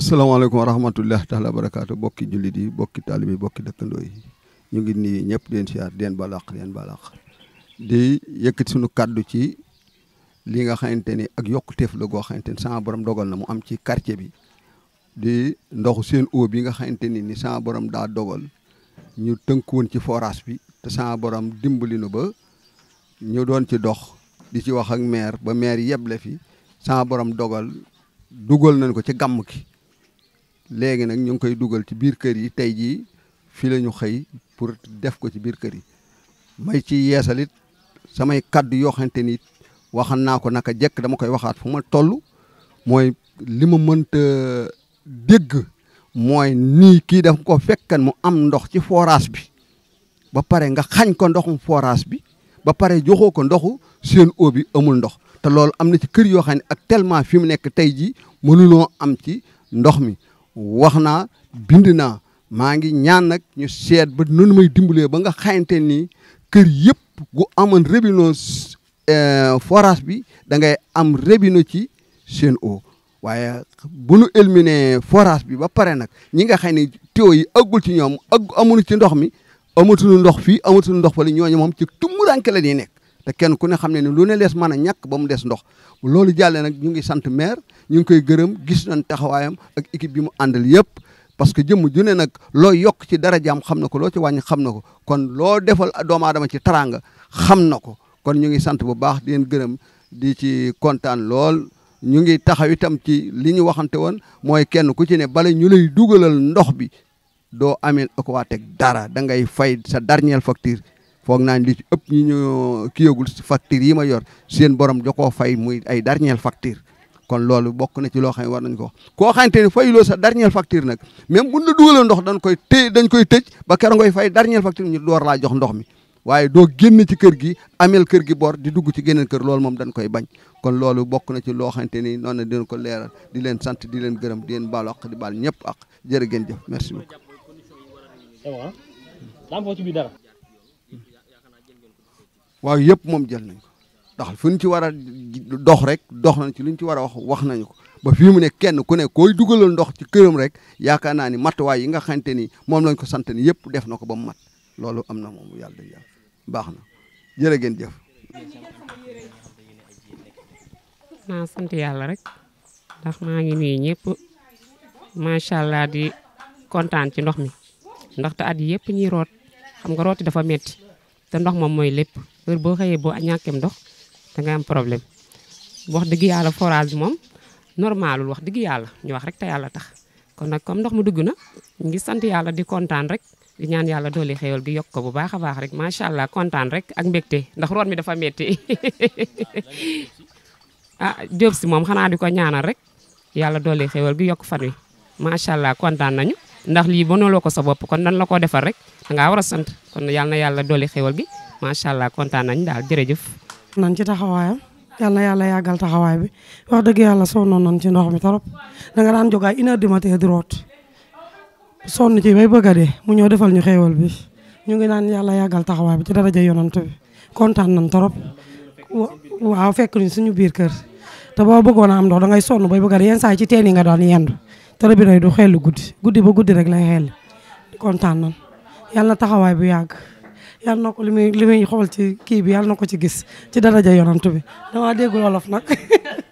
asalaamaaleykum wa rahmatullah taala barakaatu bokki jullit yi bokki taalibe yi bokki dëkkandoo ñu ngi nii ñëpp di leen siyaar di leen balaq di leen balaq di yëkkati suñu kàddu ci li nga xamante ni ak yokkuteef la goo xamante ni sama borom dogal na am ci quartier bi di ndoxu seen eau nga xamante ni ni sama borom daa dogal ñu tënk woon ci forage bi te sama borom dimbali nu ba ñu doon ci dox di ci wax ak maire ba maire yeble fi sama borom dogal dugal nañ ko ci gàmm ki léegi nag ñu ngi koy dugal ci biir kër yi tey jii fii la ñu xëy pour def ko ci biir kër yi may ci yeesalit samay kaddu yoo xamante ni waxan naa ko naka jekk dama koy waxaat fu ma toll mooy li ma mënta dégg mooy nii kii daf ko fekkan mu am ndox ci forage bi ba pare nga xañ ko ndoxum forage bi ba pare joxoo ko ndoxu seen eau bi amul ndox te loolu am na ci kër yoo xam ne ak tellement fi mu nekk tey jii mënuloo am ci ndox mi wax naa bind naa maa ngi ñaan nag ñu seet ba noonu may dimbalee ba nga xayante ni kër yëpp gu amoon robinet euh, forage bi da ngay am robinet ci seen o waaye bu nu éliminer forage bi ba pare nag ñi nga xam ne tuyau yi agul ci ñoom agg amuñu ci ndox mi amatuñu ndox fii amatuñu ndox fële ñooñu moom ci tumuraanke la ñuy nekk. te kenn ku ne xam ne ni lu ne lees mën a ñàkk ba mu des ndox loolu jàllee nag ñu ngi sant maire ñu ngi koy gërëm gis nañ taxawaayam ak équipe bi mu àndal yëpp parce que jëmm ju ne nag loo yokk ci darajaam xam na ko loo ci wàññi xam na ko kon loo defal doom adama ci taraanga xam na ko kon ñu ngi sant bu baax di leen gërëm di ci kontaan lool ñu ngi taxaw itam ci li ñu waxante woon mooy kenn ku ci ne bala ñu lay dugalal ndox bi doo amee Aquatech dara da ngay fay sa dernière facture foog naa li ci ëpp ñu ñu kiyagul yi ma yor seen borom da koo fay muy ay dernière facture kon loolu bokk na ci loo xam ne war nañ ko koo xamante ni fayloo sa dernière facture nag même bu ñu dugalee ndox dañ koy téye dañ koy tëj ba keroog ngay fay dernière facture ñu door laa jox ndox mi waaye doo génn ci kër gi amel kër gi bor di dugg ci geneen kër loolu moom dañ koy bañ kon loolu bokk na ci loo xamante ni noonu la dina ko leeral di leen sant di leen gërëm di leen baal ak di baal ñëpp ak jërë ngeen jëf merci beaucoup. waaye yëpp moom jël nañ ko ndax fu ñu ci war a dox rek dox nañ ci lu ñu ci war a wax wax nañu ko ba fii mu ne kenn ku ne koy dugalal ndox ci këram rek yaakaar naa ni matuwaay yi nga xamante ni moom lañ ko sant ni yëpp def na ko ba mu mat loolu am na moom yàlla yàlla baax na jërë ngeen jëf. naa yàlla rek maa ngi nuyu ñëpp macha allah di kontaan ci ndox mi ndaxte at yëpp ñuy root xam nga rooti dafa metti te ndox moom mooy lépp heure boo xëyee boo ñàkkeem ndox da nga am problème wax dëgg yàlla forage bi moom normalul wax dëgg yàlla ñu wax rek te yàlla tax kon nag comme ndox mu dugg na ñu ngi sant yàlla di kontaan rek di ñaan yàlla doole xéewal gi yokk ko bu baax a baax rek allah kontaan rek ak mbégte ndax mi dafa metti ah Diop si moom xanaa di ko ñaanal rek yàlla doole xéewal gi yokk fan wi macha allah kontaan nañu. ndax lii bonaloo ko sa bopp kon nan la koo defar rek da war a sant kon yal na yàlla dolli xéwal gi macha allah kontaan nañ daal jërëjëf. nan ci taxawaayam yal yàlla yàggal taxawaay bi wax dëgg yàlla sonnoon nañ ci ndox mi trop da nga daan jógaay une heure root sonn ci bay bëgg a dee mu defal ñu xéwal bi ñu ngi naan yàlla yàggal taxawaay bi ci daraja yonant bi kontaan nañ trop fekk nañ suñu biir kër te boo bëggoon a am ndox da ngay sonn bay bëgg a saa ci teen yi nga daan yendu tara bi nag du xeelu guddi guddi ba guddi rek lay xeel di kontaan nan yàlla na taxawaay bu yàgg yàlla na ko li muy li muy xool ci kii bi yàlla na ko ci gis ci daraja yonant bi dama déggul wolof nag